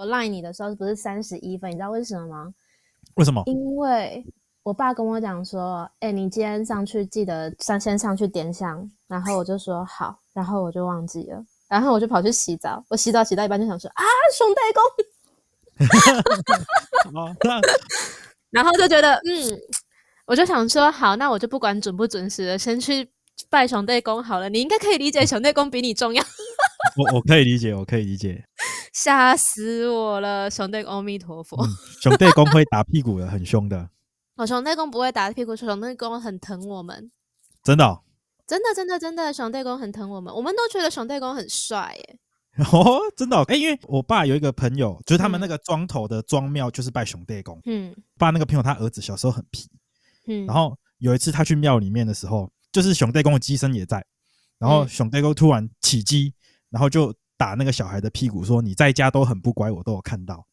我賴你的時候不是三十一分，你知道為什麼嗎？為什麼？因為我爸跟我講說：“哎、欸，你今天上去記得上先上去點香。”然後我就說好，然後我就忘記了，然後我就跑去洗澡。我洗澡洗到一半就想說：“啊，上帝公。”然後就覺得嗯，我就想說好，那我就不管準不準時了，先去拜上帝公好了。你應該可以理解，上帝公比你重要。 我我可以理解，我可以理解。嚇死我了！上帝公，阿彌陀佛。嗯、上帝公會打屁股的 很兇的。哦，上帝公不會打屁股，上帝公很疼我們。真的？哦。真的真的真的，上帝公很疼我們，我們都覺得上帝公很帥耶。哦，真的？哦。哎、欸，因為我爸有一個朋友，就是他們那個莊頭的莊廟，就是拜上帝公。嗯。爸那個朋友他兒子小時候很皮，嗯。然後有一次他去廟裡面的時候，就是上帝公的乩身也在，然後上帝公突然起乩，然後就。打那個小孩的屁股，說你在家都很不乖，我都有看到。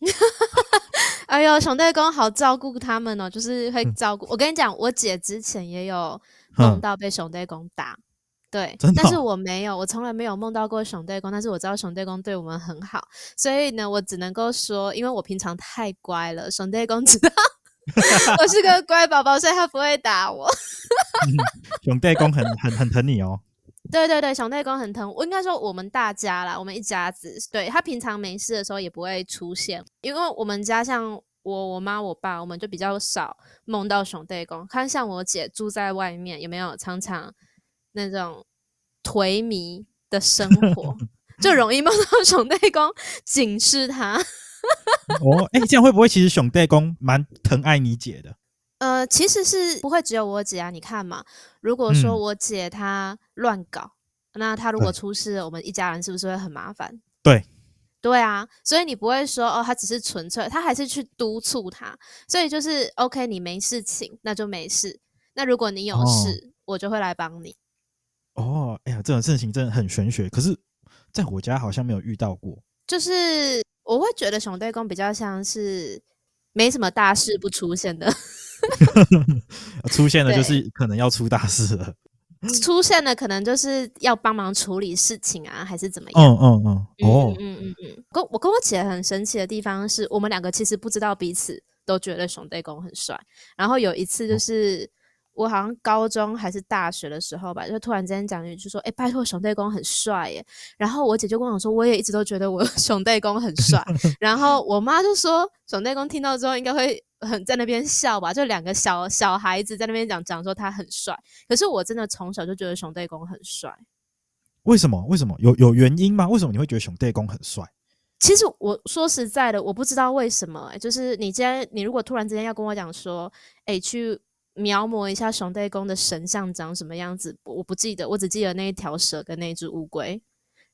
哎呦，上帝公好照顧他們哦，就是會照顧、嗯。我跟你講，我姐之前也有夢到被上帝公打，對、哦，但是我沒有，我從來沒有夢到過上帝公，但是我知道上帝公對我們很好，所以呢，我只能夠說，因為我平常太乖了，上帝公知道 我是個乖寶寶，所以他不會打我。 嗯、上帝公很很很疼你哦。對對對，熊太公很疼我，應該說我們大家啦，我們一家子。對，他平常沒事的時候也不會出現，因為我們家像我、我媽、我爸，我們就比較少夢到熊太公。看像我姐住在外面有沒有常常那種頹靡的生活， 就容易夢到熊太公，警示他。 哦，哎、欸，這樣會不會其實熊太公蠻疼愛你姐的？呃，其實是不會只有我姐啊，你看嘛，如果說我姐她。嗯亂搞，那他如果出事了，我們一家人是不是會很麻煩？對，對啊，所以你不會說哦，他只是純粹，他還是去督促他，所以就是 OK，你沒事情，那就沒事。那如果你有事，哦、我就會來幫你。哦，哎呀，這種事情真的很玄學，可是在我家好像沒有遇到過。就是我會覺得上帝公比較像是沒什麼大事不出現的， 出現的，就是可能要出大事了。出現的可能就是要幫忙處理事情啊，還是怎麼樣？嗯嗯嗯，哦、嗯，嗯嗯嗯跟、嗯嗯嗯、我跟我姐很神奇的地方是我們兩個其實不知道彼此都覺得上帝公很帥，然後有一次就是。嗯我好像高中還是大學的時候吧，就突然之間講了一句說：“哎、欸，拜託上帝公很帥耶。”然後我姐就跟我說：“我也一直都覺得我上帝公很帥。 ”然後我媽就說：“上帝公聽到之後應該會很在那邊笑吧？”就兩個小小孩子在那邊講講說他很帥。可是我真的從小就覺得上帝公很帥。為什麼？為什麼？有有原因嗎？為什麼你會覺得上帝公很帥？其實我說實在的，我不知道為什麼、欸。就是你今天你如果突然之間要跟我講說：“哎、欸，去。”描摹一下上帝公的神像長什麼樣子？我不記得，我只記得那一條蛇跟那隻烏龜，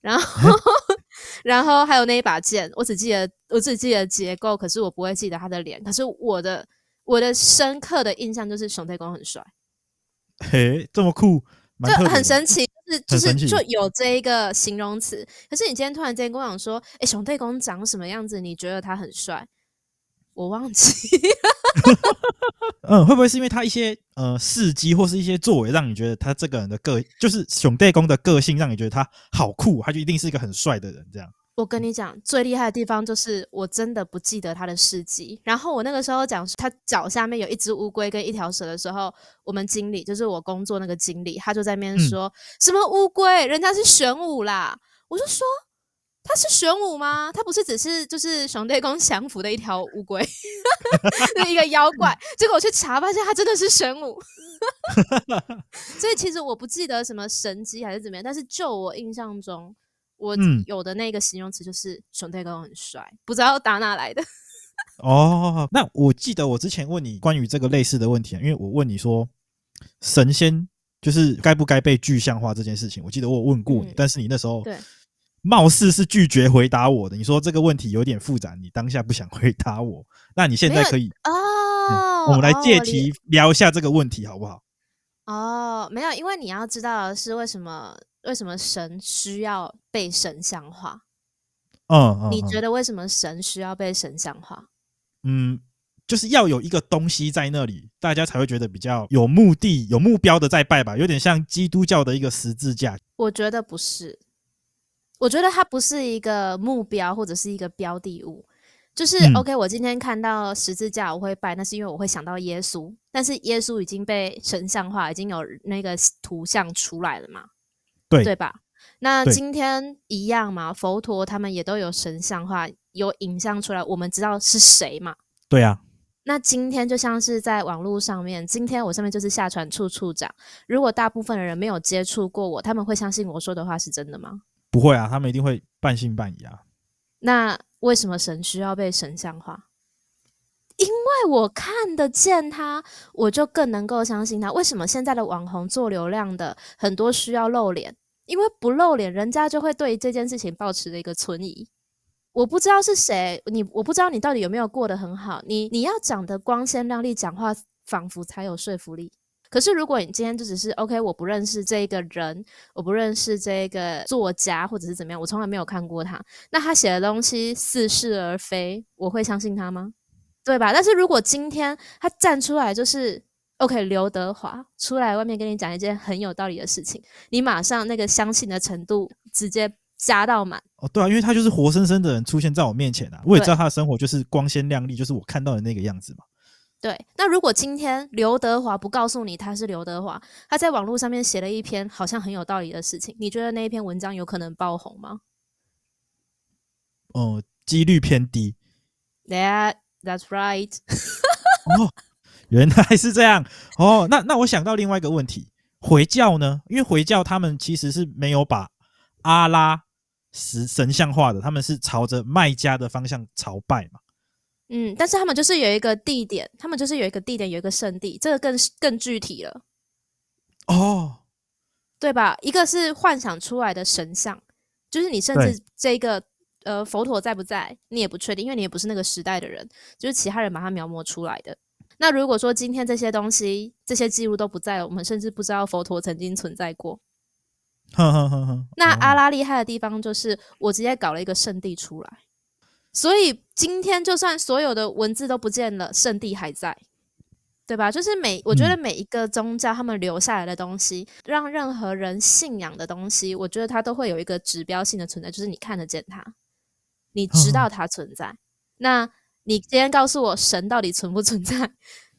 然後，欸、 然後還有那一把劍。我只記得，我只記得結構，可是我不會記得他的臉。可是我的我的深刻的印象就是上帝公很帥。嘿、欸，這麼酷的，就很神奇，就是就是就有這一個形容詞。可是你今天突然間跟我講說，哎、欸，上帝公長什麼樣子？你覺得他很帥？我忘記， 嗯，會不會是因為他一些呃事蹟或是一些作為，讓你覺得他這個人的個性就是上帝公的個性，讓你覺得他好酷，他就一定是一個很帥的人這樣？我跟你講，最厲害的地方就是我真的不記得他的事蹟。然後我那個時候講他腳下面有一隻烏龜跟一條蛇的時候，我們經理就是我工作那個經理，他就在那邊說、嗯、什麼烏龜，人家是玄武啦。我就說。他是玄武嗎？他不是只是就是上帝公降服的一條烏龜，一個妖怪。結果我去查，發現他真的是玄武。所以其實我不記得什麼神機還是怎麼樣，但是就我印象中，我有的那個形容詞就是上帝公很帥，不知道打哪來的、 嗯。哦,那我記得我之前問你關於這個類似的問題，因為我問你說神仙就是該不該被具象化這件事情，我記得我有問過你、嗯，但是你那時候對。貌似是拒絕回答我的。你說這個問題有點複雜，你當下不想回答我，那你現在可以哦、嗯。我們來借題聊一下這個問題好不好？哦，哦沒有，因為你要知道的是為什麼，為什麼神需要被神像化？嗯，你覺得為什麼神需要被神像化？嗯，嗯，就是要有一個東西在那裡，大家才會覺得比較有目的、有目標的在拜吧，有點像基督教的一個十字架。我覺得不是。我覺得它不是一個目標或者是一個標的物，就是、嗯、OK。我今天看到十字架，我會拜，那是因為我會想到耶穌。但是耶穌已經被神像化，已經有那個圖像出來了嘛？對，對吧？那今天一樣嘛？佛陀他們也都有神像化，有影像出來，我們知道是誰嘛？對呀、啊。那今天就像是在網絡上面，今天我上面就是下傳處處長。如果大部分的人沒有接觸過我，他們會相信我說的話是真的嗎？不會啊，他們一定會半信半疑啊。那為什麼神需要被神像化？因為我看得見他，我就更能夠相信他。為什麼現在的網紅做流量的很多需要露臉？因為不露臉，人家就會對這件事情保持著一個存疑。我不知道是誰，你我不知道你到底有沒有過得很好。你你要講的光鮮亮麗，講話仿佛才有說服力。可是，如果你今天就只是 OK，我不認識這一個人，我不認識這一個作家，或者是怎麼樣，我從來沒有看過他，那他寫的東西似是而非，我會相信他嗎？對吧？但是如果今天他站出來，就是 OK，劉德華出來外面跟你講一件很有道理的事情，你馬上那個相信的程度直接加到滿哦。對啊，因為他就是活生生的人出現在我面前啊，我也知道他的生活就是光鮮亮麗，就是我看到的那個樣子嘛。對，那如果今天劉德華不告訴你他是劉德華，他在網絡上面寫了一篇好像很有道理的事情，你覺得那一篇文章有可能爆紅嗎？哦、呃，幾率偏低。Yeah, that's right。 哦，原來是這樣哦。那那我想到另外一個問題，回教呢？因為回教他們其實是沒有把阿拉神像化的，他們是朝着麥加的方向朝拜嘛。嗯，但是他們就是有一個地點，他們就是有一個地點，有一個聖地，這個更更具體了，哦、oh.，對吧？一個是幻想出來的神像，就是你甚至這個呃佛陀在不在，你也不確定，因為你也不是那個時代的人，就是其他人把它描摹出來的。那如果說今天這些東西這些記錄都不在了，我們甚至不知道佛陀曾經存在過。哈哈哈哈哈。那阿拉厲害的地方就是我直接搞了一個聖地出來。所以今天，就算所有的文字都不見了，聖地還在，對吧？就是每，我覺得每一個宗教，他們留下來的東西、嗯，讓任何人信仰的東西，我覺得它都會有一個指標性的存在，就是你看得見它，你知道它存在。哦、那你今天告訴我，神到底存不存在？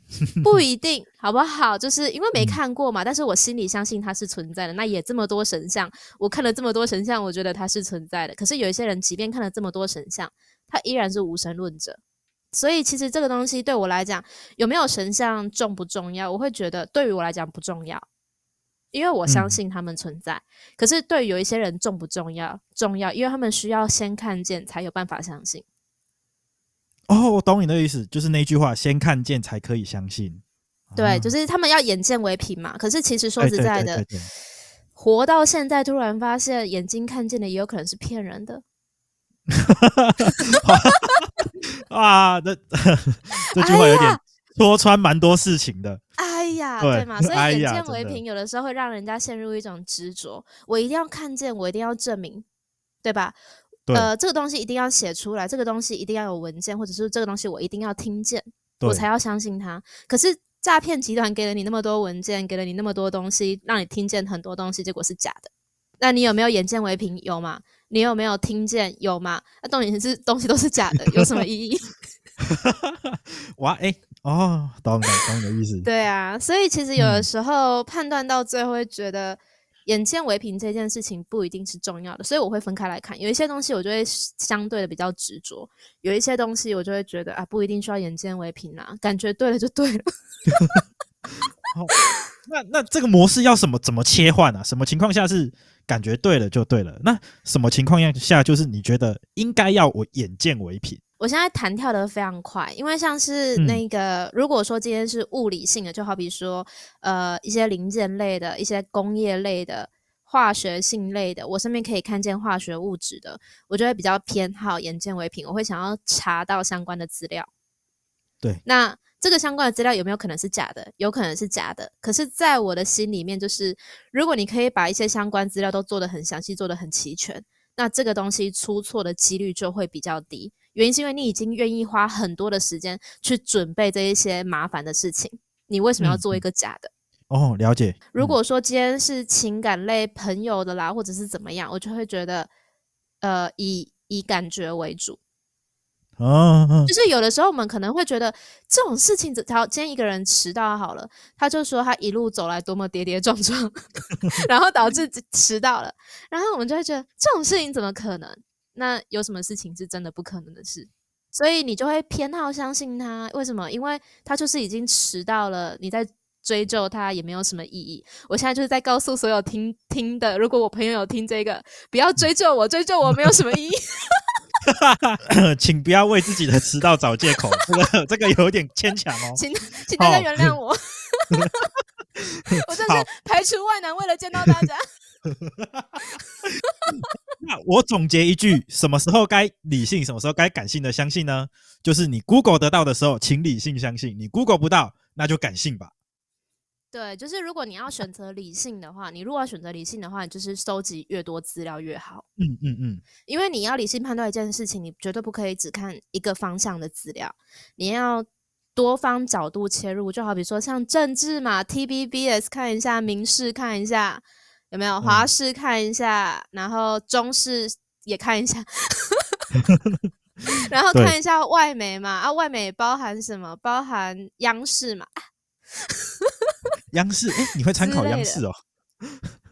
不一定，好不好，就是因為沒看過嘛。嗯、但是我心裡相信它是存在的。那也這麼多神像，我看了這麼多神像，我覺得它是存在的。可是有一些人，即便看了這麼多神像，他依然是無神論者。所以其實這個東西對我來講，有沒有神像重不重要？我會覺得對於我來講不重要，因為我相信他們存在。嗯、可是對於有一些人重不重要？重要，因為他們需要先看見才有辦法相信。哦，我懂你的意思，就是那句話“先看見才可以相信”對。對、啊，就是他們要眼見為憑嘛。可是其實說實在的，哎、對對對活到現在，突然發現眼睛看見的也有可能是騙人的。 啊，這 這句話有點戳穿蠻多事情的哎。哎呀，對嘛，所以眼見為憑，有的時候會讓人家陷入一種執着、哎：我一定要看見，我一定要證明，對吧？呃，這個東西一定要寫出來，這個東西一定要有文件，或者是這個東西我一定要聽見，我才要相信他。可是詐騙集團給了你那麼多文件，給了你那麼多東西，讓你聽見很多東西，結果是假的。那你有沒有眼見為憑？有嗎？你有沒有聽見？有嗎？那、啊、東西是東西都是假的， 有什麼意義？ 哇，誒、欸，哦，懂了，懂你的意思。 對啊，所以其實有的時候判斷到最後，會覺得。眼見為憑這件事情不一定是重要的，所以我會分開來看。有一些東西我就會相對的比較執着，有一些東西我就會覺得啊，不一定需要眼見為憑啦，啊，感覺對了就對了。 那那這個模式要什麼怎麼切換啊？什麼情況下是感覺對了就對了？那什麼情況下就是你覺得應該要我眼見為憑？我現在彈跳得非常快，因為像是那個、嗯，如果說今天是物理性的，就好比說，呃，一些零件類的、一些工業類的、化學性類的，我身邊可以看見化學物質的，我就會比較偏好眼見為憑，我會想要查到相關的資料。對，那這個相關的資料有沒有可能是假的？有可能是假的，可是在我的心裡面，就是如果你可以把一些相關資料都做得很詳細，做得很齊全，那這個東西出錯的幾率就會比較低。原因是因為你已經願意花很多的時間去準備這一些麻煩的事情，你為什麼要做一個假的？嗯、哦，了解、嗯。如果說今天是情感類朋友的啦，或者是怎麼樣，我就會覺得，呃，以以感覺為主。哦、啊啊，就是有的時候我們可能會覺得這種事情只，只要今天一個人遲到好了，他就說他一路走來多麼跌跌撞撞， 然後導致遲到了，然後我們就會覺得這種事情怎麼可能？那有什麼事情是真的不可能的事？所以你就會偏好相信他。為什麼？因為他就是已經遲到了，你在追究他也沒有什麼意義。我現在就是在告訴所有聽聽的，如果我朋友有聽這個，不要追究我，追究我沒有什麼意義。 請不要為自己的遲到找借口， 這個有點牽強哦。請請大家原諒我， 我這是排除萬難為了見到大家。那我總結一句：什麼時候該理性，什麼時候該感性的相信呢？就是你 Google 得到的時候，請理性相信；你 Google 不到，那就感性吧。對，就是如果你要選擇理性的話，你如果要選擇理性的話，你就是收集越多資料越好。嗯嗯嗯，因為你要理性判斷一件事情，你絕對不可以只看一個方向的資料，你要多方角度切入。就好比說，像政治嘛，TVBS 看一下，民視看一下。有沒有華視看一下、嗯，然後中視也看一下， 然後看一下外媒嘛？啊，外媒包含什麼？包含央視嘛？ 央視，欸、你會參考央視哦？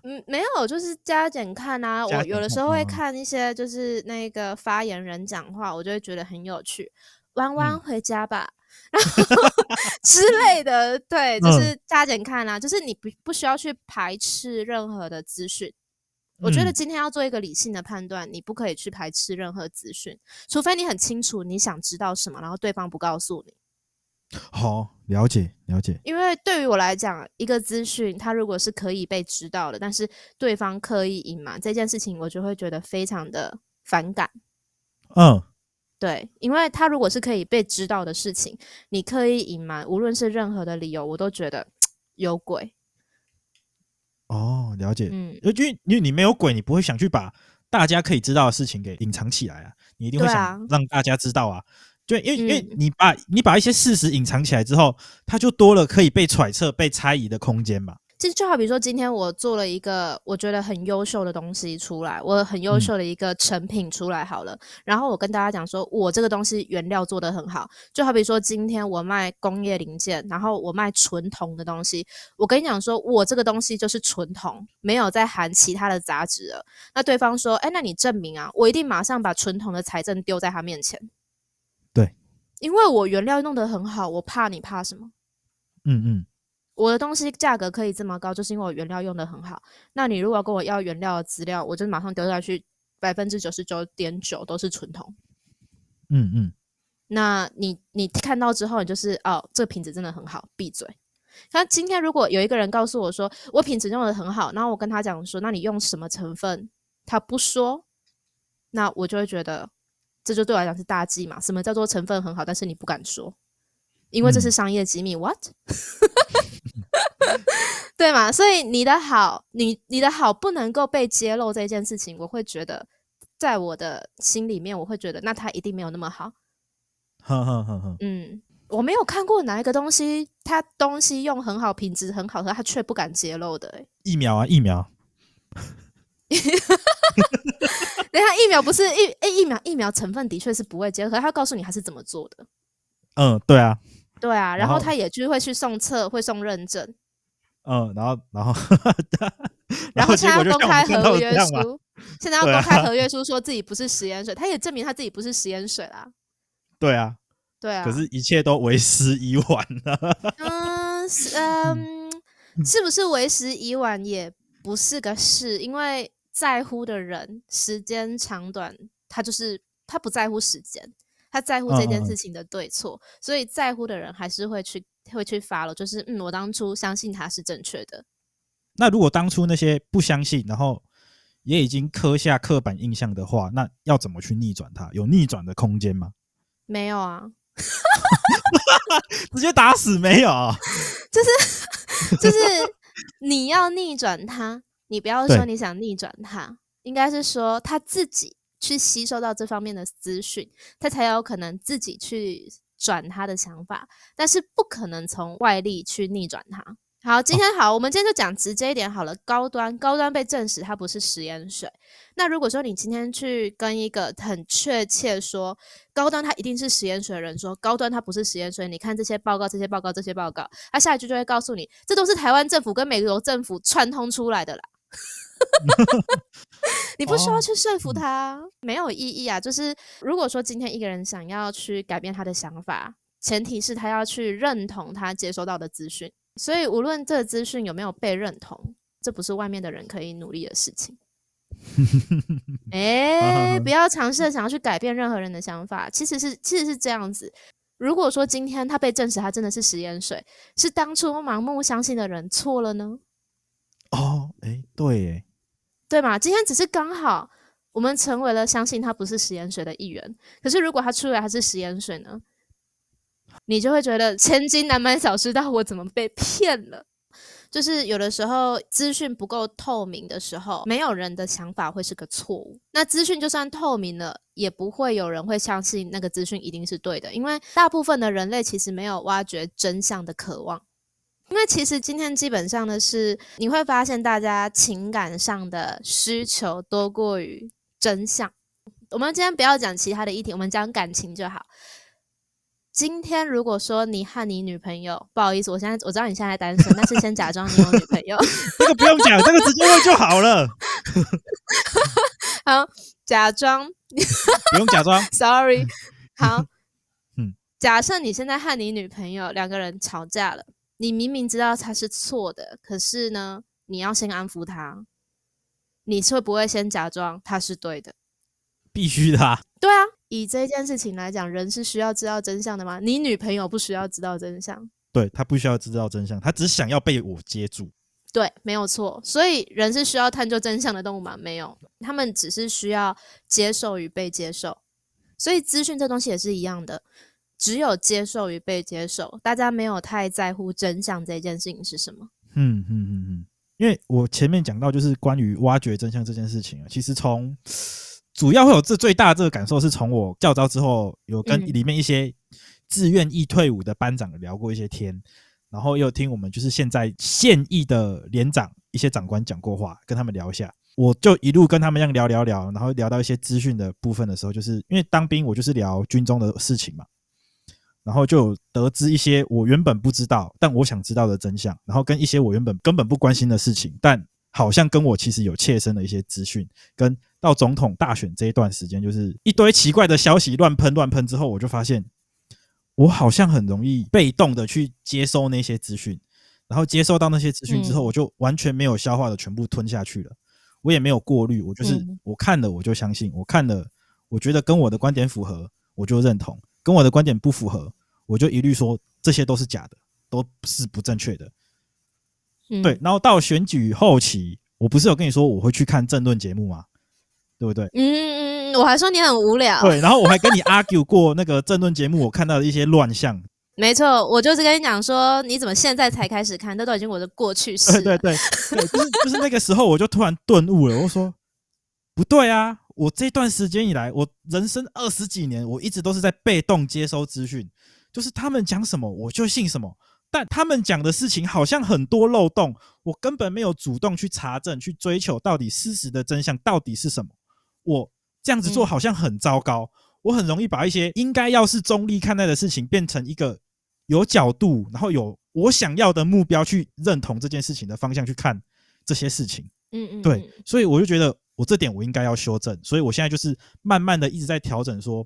嗯，沒有，就是加減看啊、加減看啊。我有的時候會看一些，就是那個發言人講話、嗯，我就會覺得很有趣。彎彎回家吧。然 後 之類的，對，就是加減看啦，啊，就是你不不需要去排斥任何的資訊。我覺得今天要做一個理性的判斷，你不可以去排斥任何資訊，除非你很清楚你想知道什麼，然後對方不告訴你。好，了解，了解。因為對於我來講，一個資訊它如果是可以被知道的，但是對方刻意隱瞞這件事情，我就會覺得非常的反感。 嗯。對，因為他如果是可以被知道的事情，你刻意隱瞞，無論是任何的理由，我都覺得有鬼。哦，了解，嗯，因為因為你沒有鬼，你不會想去把大家可以知道的事情給隱藏起來啊，你一定會想讓大家知道啊。就、啊、因為因為你把你把一些事實隱藏起來之後，它就多了可以被揣測、被猜疑的空間嘛。其實就好比說今天我做了一個我覺得很優秀的東西出來，我很優秀的一個成品出來好了、嗯。然後我跟大家講說，我這個東西原料做得很好。就好比說今天我賣工業零件，然後我賣純銅的東西，我跟你講說，我這個東西就是純銅，沒有再含其他的雜質了。那對方說，誒，那你證明啊？我一定馬上把純銅的材證丟在他面前。對，因為我原料弄得很好，我怕你怕什麼？嗯嗯。我的東西價格可以這麼高，就是因為我原料用得很好。那你如果要跟我要原料的資料，我就馬上丟下去，百分之九十九點九都是純銅。嗯嗯。那你你看到之後，你就是哦，這個品質真的很好。閉嘴。那今天如果有一個人告訴我說我品質用得很好，然後我跟他講說，那你用什麼成分？他不說，那我就會覺得這就對我來講是大忌嘛。什麼叫做成分很好？但是你不敢說，因為這是商業機密。嗯、What？ 對嘛？所以你的好，你你的好不能夠被揭露這件事情，我會覺得，在我的心裡面，我會覺得那他一定沒有那麼好呵呵呵呵。嗯，我沒有看過哪一個東西，它東西用很好，品質很好喝，可他卻不敢揭露的、欸。疫苗啊，疫苗。你 看 疫苗不是疫、欸、疫苗疫苗成分的確是不會揭露，他告訴你他是怎麼做的。嗯，對啊。對啊然，然後他也就會去送冊，會送認證。嗯、呃，然後，然後， 然後他要 公開合約書， 現在要公開合約書，說自己不是食鹽水、啊，他也證明他自己不是食鹽水啦。對啊，對啊。可是，一切都為時已晚了。 嗯嗯，嗯，是不是為時已晚也不是個事， 因為在乎的人，時間長短，他就是他不在乎時間。他在乎這件事情的對錯、嗯嗯，所以在乎的人還是會去會去 follow。就是嗯，我當初相信他是正確的。那如果當初那些不相信，然後也已經刻下刻板印象的話，那要怎麼去逆轉他，有逆轉的空間嗎？沒有啊， 直接打死沒有啊。就是就是你要逆轉他，你不要說你想逆轉他，應該是說他自己，去吸收到這方面的資訊，他才有可能自己去轉他的想法，但是不可能從外力去逆轉它。好，今天好，我們今天就講直接一點好了。高端高端被證實它不是食鹽水。那如果說你今天去跟一個很確切說高端它一定是食鹽水的人說高端它不是食鹽水，你看這些報告這些報告這些報告，他、啊、下一句就會告訴你，這都是台灣政府跟美國政府串通出來的啦。 你不需要去說服他，沒有意義啊。就是如果說今天一個人想要去改變他的想法，前提是他要去認同他接收到的資訊。所以無論這個資訊有沒有被認同，這不是外面的人可以努力的事情。誒，不要嘗試想要去改變任何人的想法。其實是其實是這樣子。如果說今天他被證實他真的是食鹽水，是當初盲目相信的人錯了呢？哦，哎，對，哎，對嘛？今天只是剛好，我們成為了相信他不是食鹽水的一員。可是如果他出來還是食鹽水呢？你就會覺得千金難買早知道，我怎麼被騙了？就是有的時候資訊不夠透明的時候，沒有人的想法會是個錯誤。那資訊就算透明了，也不會有人會相信那個資訊一定是對的，因為大部分的人類其實沒有挖掘真相的渴望。因為其實今天基本上的是你會發現大家情感上的需求多過於真相。我們今天不要講其他的議題，我們講感情就好。今天如果說你和你女朋友，不好意思，我現在我知道你現在單身， 但是先假裝你有女朋友。這個不用講， 這個直接問就好了。 好，假裝不用假裝 ，Sorry。好，嗯，假設你現在和你女朋友兩個人吵架了。你明明知道他是錯的，可是呢，你要先安撫他，你是會不會先假裝他是對的？必須的啊。對啊，以這件事情來講，人是需要知道真相的嗎？你女朋友不需要知道真相。對，她不需要知道真相，她只想要被我接住。對，沒有錯。所以人是需要探究真相的動物嗎？沒有，他們只是需要接受與被接受。所以資訊這東西也是一樣的。只有接受與被接受，大家沒有太在乎真相這件事情是什麼。嗯嗯嗯嗯，因為我前面講到就是關於挖掘真相這件事情啊，其實從主要會有這最大的這個感受是從我教召之後有跟裡面一些自願意退伍的班長聊過一些天、嗯，然後又聽我們就是現在現役的連長一些長官講過話，跟他們聊一下，我就一路跟他們這樣聊聊聊，然後聊到一些資訊的部分的時候，就是因為當兵我就是聊軍中的事情嘛。然後就得知一些我原本不知道但我想知道的真相，然後跟一些我原本根本不關心的事情，但好像跟我其實有切身的一些資訊。跟到總統大選這一段時間，就是一堆奇怪的消息亂噴亂噴之後，我就發現我好像很容易被動的去接收那些資訊，然後接收到那些資訊之後，我就完全沒有消化的全部吞下去了，我也沒有過濾，我就是我看了我就相信，我看了我覺得跟我的觀點符合，我就認同。跟我的觀點不符合，我就一律說這些都是假的，都是不正確的。嗯。對，然後到選舉後期，我不是有跟你說我會去看政論節目嗎？對不對？嗯，我還說你很無聊。對，然後我還跟你 argue 過那個政論節目，我看到的一些亂象。 沒錯，我就是跟你講說，你怎麼現在才開始看，那 都已經我的過去式。對對對，對就是就是那個時候，我就突然頓悟了，我說不對啊。我這段時間以來，我人生二十幾年，我一直都是在被動接收資訊，就是他們講什麼我就信什麼。但他們講的事情好像很多漏洞，我根本沒有主動去查證，去追求到底事實的真相到底是什麼。我這樣子做好像很糟糕，嗯、我很容易把一些應該要是中立看待的事情，變成一個有角度，然後有我想要的目標去認同這件事情的方向去看這些事情。嗯、嗯嗯，對，所以我就覺得。我這點，我應該要修正，所以我現在就是慢慢的一直在調整。說，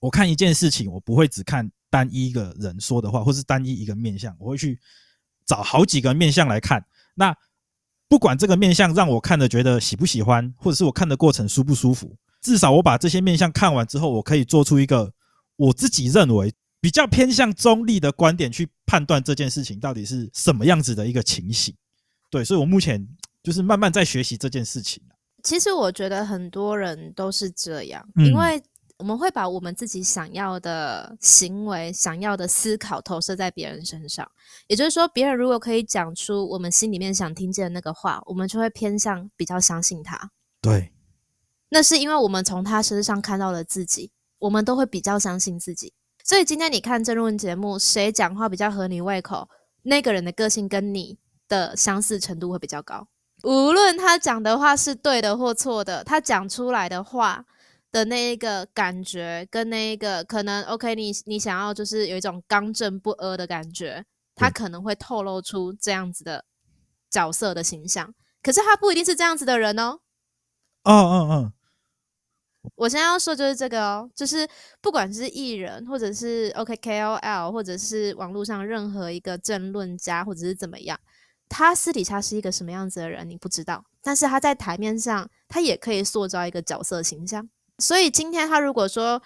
我看一件事情，我不會只看單一一個人說的話，或是單一一個面向，我會去找好幾個面向來看。那不管這個面向讓我看的覺得喜不喜歡，或者是我看的過程舒不舒服，至少我把這些面向看完之後，我可以做出一個我自己認為比較偏向中立的觀點去判斷這件事情到底是什麼樣子的一個情形。對，所以我目前，就是慢慢在學習這件事情。其實我覺得很多人都是這樣，因為我們會把我們自己想要的行為、想要的思考投射在別人身上。也就是說，別人如果可以講出我們心裡面想聽見的那個話，我們就會偏向比較相信他。對，那是因為我們從他身上看到了自己，我們都會比較相信自己。所以今天你看爭論節目，誰講話比較合你胃口，那個人的個性跟你的相似程度會比較高。無論他講的話是對的或錯的，他講出來的話的那一個感覺跟那一個可能，OK，你你想要就是有一種剛正不阿的感覺，他可能會透露出這樣子的角色的形象，可是他不一定是這樣子的人哦。哦哦哦，我現在要說就是這個哦，就是不管是藝人，或者是 OK KOL，或者是網絡上任何一個政論家，或者是怎麼樣。他私底下是一個什麼樣子的人，你不知道。但是他在台面上，他也可以塑造一個角色形象。所以今天他如果說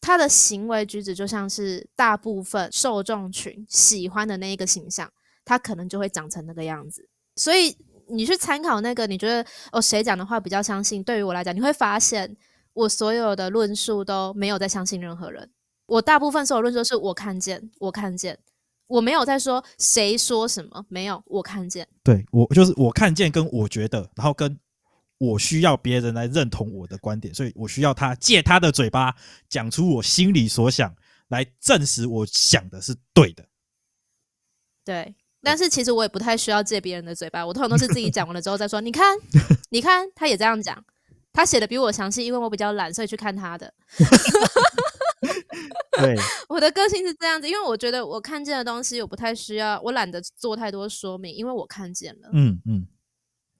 他的行為舉止就像是大部分受眾群喜歡的那一個形象，他可能就會長成那個樣子。所以你去參考那個，你覺得，哦，誰講的話比較相信？對於我來講，你會發現我所有的論述都沒有在相信任何人。我大部分所有論述都是我看見，我看見。我沒有在說誰說什麼，沒有，我看見。對，我就是我看見，跟我覺得，然後跟我需要別人來認同我的觀點，所以我需要他借他的嘴巴講出我心裡所想，來證實我想的是對的。對，但是其實我也不太需要借別人的嘴巴，我通常都是自己講完了之後再說。 你看，你看，他也這樣講，他寫的比我詳細，因為我比較懶，所以去看他的。 對， 我的個性是這樣子，因為我覺得我看見的東西，我不太需要，我懶得做太多說明，因為我看見了。嗯嗯。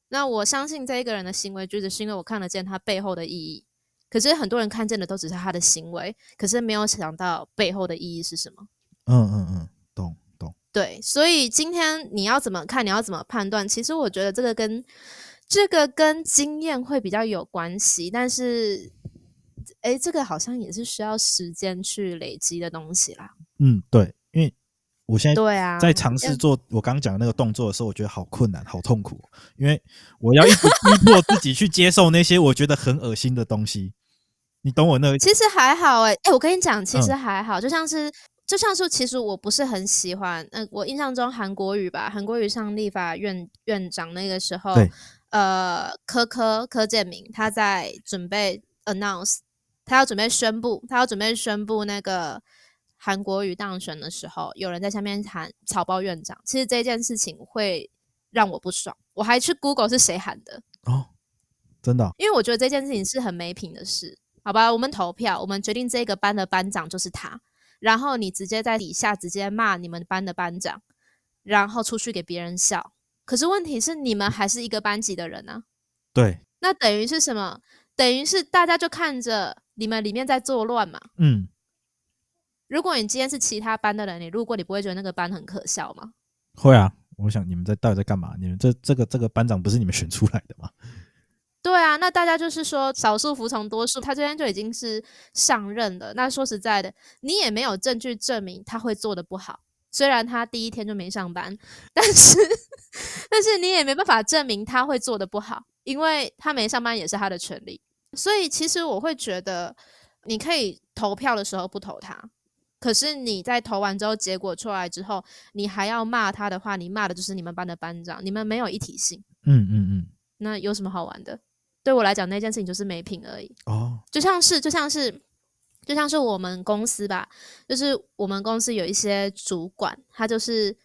那我相信這一個人的行為，就是因為我看得見他背後的意義。可是很多人看見的都只是他的行為，可是沒有想到背後的意義是什麼。嗯嗯嗯，懂懂。對，所以今天你要怎麼看，你要怎麼判斷？其實我覺得這個跟這個跟經驗會比較有關係，但是。哎、欸，這個好像也是需要時間去累積的東西啦。嗯，對，因為我現在在嘗試做我剛剛講的那個動作的時候，我覺得好困難，好痛苦，因為我要一直逼迫自己去接受那些我覺得很惡心的東西。 你懂我那個意思？其實還好哎、欸欸，我跟你講，其實還好，就像是就像是，像是其實我不是很喜歡，嗯、呃，我印象中韓國語吧，韓國瑜上立法院院長那個時候，呃，柯柯柯建銘他在準備 announce。他要準備宣布，他要準備宣布那個韓國瑜當選的時候，有人在下面喊“草包院長”。其實這件事情會讓我不爽，我還去 Google 是誰喊的哦，真的、啊，因為我覺得這件事情是很沒品的事，好吧？我們投票，我們決定這個班的班長就是他，然後你直接在底下直接罵你們班的班長，然後出去給別人笑。可是問題是，你們還是一個班級的人呢、啊？對，那等於是什麼？等於是大家就看着。你們裡面在作亂嗎？嗯，如果你今天是其他班的人，你路過，你不會覺得那個班很可笑嗎？會啊，我想你們在到底在幹嘛？你們這這個這個班長不是你們選出來的嗎？對啊，那大家就是說少數服從多數，他這邊就已經是上任了。那說實在的，你也沒有證據證明他會做的不好。雖然他第一天就沒上班，但是 但是你也沒辦法證明他會做的不好，因為他沒上班也是他的權利。所以其實我會覺得，你可以投票的時候不投他，可是你在投完之後，結果出來之後，你還要罵他的話，你罵的就是你們班的班長，你們沒有一體性。嗯嗯嗯。那有什麼好玩的？對我來講，那件事情就是沒品而已。哦，就像是，就像是，就像是我們公司吧，就是我們公司有一些主管，他就是。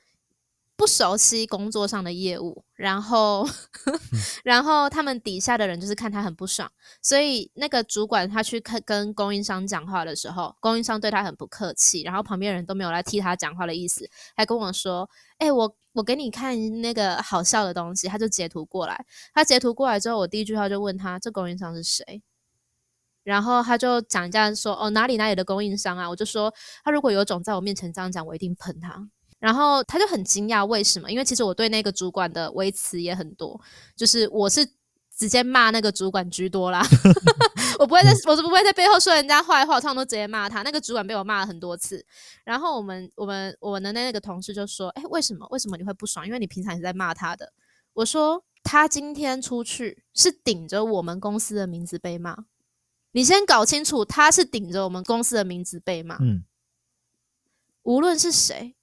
不熟悉工作上的業務，然後， 然後他們底下的人就是看他很不爽，所以那個主管他去跟供應商講話的時候，供應商對他很不客氣，然後旁邊人都沒有來替他講話的意思，還跟我說：“欸，我我給你看那個好笑的東西。”他就截圖過來，他截圖過來之後，我第一句話就問他：“這供應商是誰？”然後他就講一下說：“哦，哪裡哪裡的供應商啊！”我就說：“他如果有種在我面前這樣講，我一定噴他。”然後他就很驚訝，為什麼？因為其實我對那個主管的微詞也很多，就是我是直接罵那個主管居多啦。 我不會在，我是不會在背後說人家壞話，話，他們都直接罵他。那個主管被我罵了很多次。然後我們我們我們的那個同事就說：“哎、欸，為什麼？為什麼你會不爽？因為你平常也是在罵他的。”我說：“他今天出去是頂着我們公司的名字被罵，你先搞清楚，他是頂着我們公司的名字被罵。嗯，無論是誰。”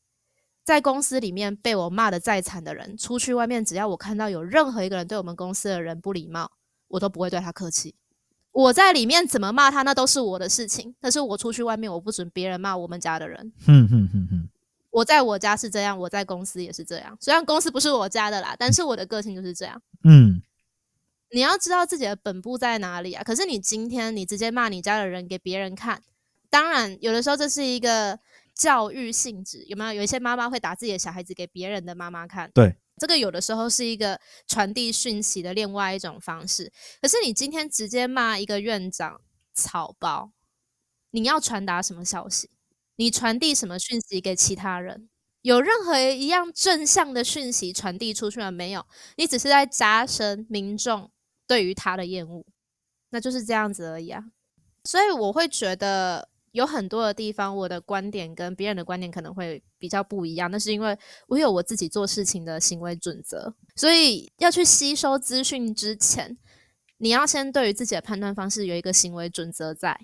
在公司裡面被我罵得再慘的人，出去外面只要我看到有任何一個人對我們公司的人不禮貌，我都不會對他客氣。我在裡面怎麼罵他，那都是我的事情。但是我出去外面，我不准別人罵我們家的人。嗯嗯嗯嗯，我在我家是這樣，我在公司也是這樣。雖然公司不是我家的啦，但是我的個性就是這樣。嗯，你要知道自己的本部在哪裡啊？可是你今天你直接罵你家的人給別人看，當然有的時候這是一個。教育性質有沒有，有一些媽媽會打自己的小孩子，給別人的媽媽看？對，這個有的時候是一個傳遞訊息的另外一種方式。可是你今天直接罵一個院長草包，你要傳達什麼消息？你傳遞什麼訊息給其他人？有任何一樣正向的訊息傳遞出去了沒有？你只是在加深民眾對於他的厭惡，那就是這樣子而已啊。所以我會覺得。有很多的地方，我的觀點跟別人的觀點可能會比較不一樣，那是因為我有我自己做事情的行為準則，所以要去吸收資訊之前，你要先對於自己的判斷方式有一個行為準則在，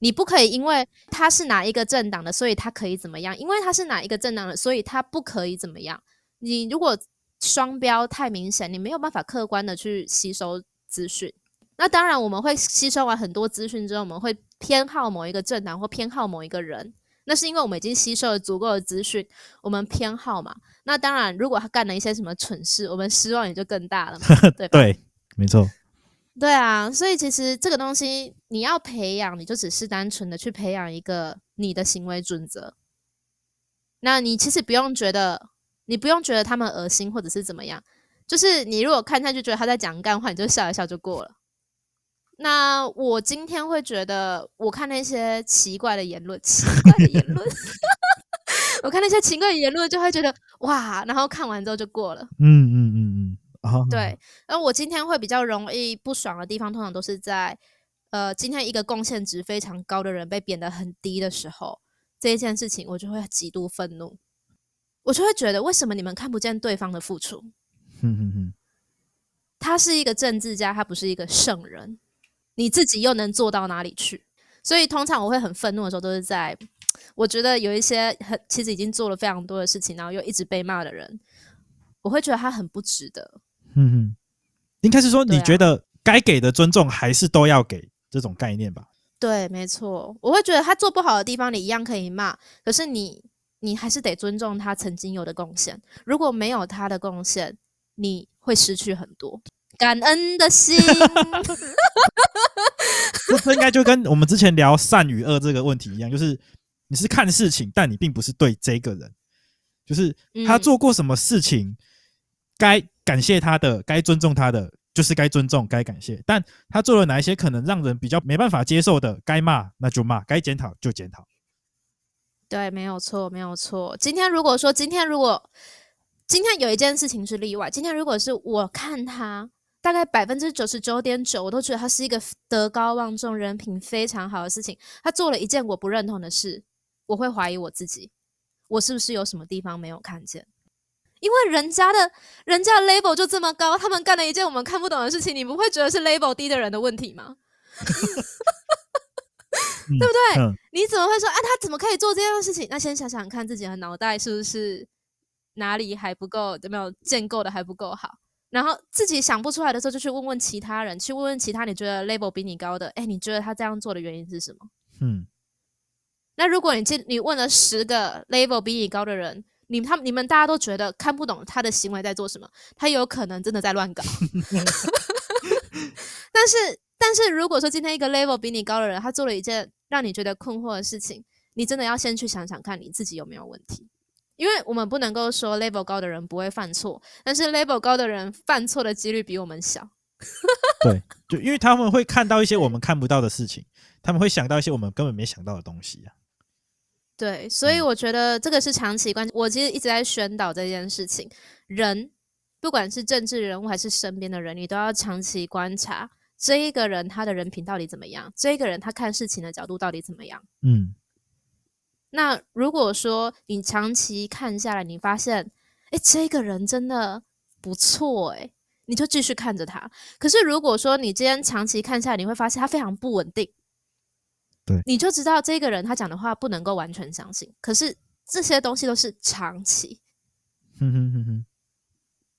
你不可以因為他是哪一個政黨的，所以他可以怎麼樣，因為他是哪一個政黨的，所以他不可以怎麼樣。你如果雙標太明顯，你沒有辦法客觀的去吸收資訊。那當然，我們會吸收完很多資訊之後，我們會偏好某一個政黨或偏好某一個人。那是因為我們已經吸收了足夠的資訊，我們偏好嘛。那當然，如果他幹了一些什麼蠢事，我們失望也就更大了嘛， 對對，沒錯。對啊，所以其實這個東西你要培養，你就只是單純的去培養一個你的行為準則。那你其實不用覺得，你不用覺得他們噁心或者是怎麼樣。就是你如果看他就覺得他在講幹話，你就笑一笑就過了。那我今天會覺得，我看那些奇怪的言論，奇怪的言論， 我看那些奇怪的言論就會覺得哇，然後看完之後就過了。嗯嗯嗯嗯，啊、嗯哦，對。那我今天會比較容易不爽的地方，通常都是在呃，今天一個貢獻值非常高的人被貶得很低的時候，這一件事情我就會極度憤怒，我就會覺得為什麼你們看不見對方的付出？哼哼哼。他是一個政治家，他不是一個聖人。你自己又能做到哪裡去？所以通常我會很憤怒的時候，都是在我覺得有一些很其實已經做了非常多的事情，然後又一直被罵的人，我會覺得他很不值得。嗯哼，應該是說你覺得該給的尊重還是都要給、啊、這種概念吧？對，沒錯，我會覺得他做不好的地方你一樣可以罵，可是你你還是得尊重他曾經有的貢獻。如果沒有他的貢獻，你會失去很多。感恩的心 ，這 應該就跟我們之前聊善與惡這個問題一樣，就是你是看事情，但你並不是對這個人，就是他做過什麼事情該感謝他的，該尊重他的，就是該尊重，該感謝；但他做了哪一些可能讓人比較沒辦法接受的，該罵那就罵，該檢討就檢討。對，沒有錯，沒有錯。今天如果說今天如果今天有一件事情是例外，今天如果是我看他。大概百分之九十九點九，我都覺得他是一個德高望重、人品非常好的事情。他做了一件我不認同的事，我會懷疑我自己，我是不是有什麼地方沒有看見？因為人家的人家的 label 就這麼高，他們幹了一件我們看不懂的事情，你不會覺得是 label 低的人的問題嗎、？ 嗯？ 對不對、嗯嗯？你怎麼會說啊？他怎麼可以做這樣的事情？那先想想看自己的腦袋是不是哪裡還不夠，有沒有建構的還不夠好。然後自己想不出來的時候，就去問問其他人，去問問其他你覺得 level 比你高的，哎，你覺得他這樣做的原因是什麼？嗯，那如果你今，你問了十個 level 比你高的人，你他你們大家都覺得看不懂他的行為在做什麼，他有可能真的在亂搞。 但是，但是如果說今天一個 level 比你高的人，他做了一件讓你覺得困惑的事情，你真的要先去想想看你自己有沒有問題。因為我們不能夠說 level 高的人不會犯錯，但是 level 高的人犯錯的幾率比我們小。 對，就因為他們會看到一些我們看不到的事情，他們會想到一些我們根本沒想到的東西啊。對，所以我覺得這個是長期觀、嗯，我其實一直在宣導這件事情。人，不管是政治人物還是身邊的人，你都要長期觀察這一個人他的人品到底怎麼樣，這一個人他看事情的角度到底怎麼樣。嗯。那如果說你長期看下來，你發現，哎，這個人真的不錯、欸，哎，你就繼續看着他。可是如果說你今天長期看下來，你會發現他非常不穩定，對，你就知道這個人他講的話不能夠完全相信。可是這些東西都是長期。哼哼哼哼，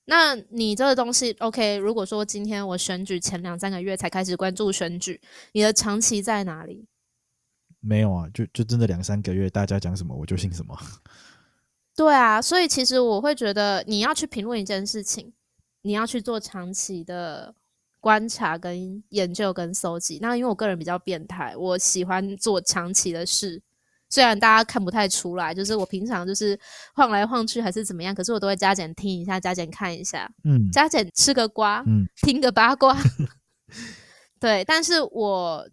那你這個東西，OK？如果說今天我選舉前兩三個月才開始關注選舉，你的長期在哪裡？沒有啊，就就真的兩三個月，大家講什麼我就信什麼。對啊，所以其實我會覺得你要去評論一件事情，你要去做長期的觀察，跟研究，跟蒐集。那因為我個人比較變態，我喜歡做長期的事，雖然大家看不太出來，就是我平常就是晃來晃去還是怎麼樣，可是我都會加減聽一下，加減看一下，嗯，加減吃個瓜，嗯，聽個八卦， 對，但是我。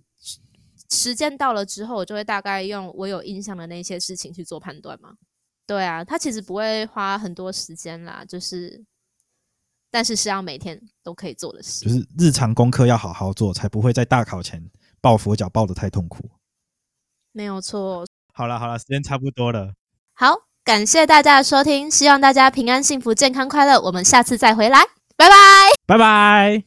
時間到了之後，我就會大概用我有印象的那些事情去做判斷嘛。對啊，它其實不會花很多時間啦，就是，但是是要每天都可以做的事，就是日常功課要好好做，才不會在大考前抱佛腳抱得太痛苦。沒有錯。好啦好啦，時間差不多了。好，感謝大家的收聽，希望大家平安、幸福、健康、快樂。我們下次再回來，拜拜，拜拜。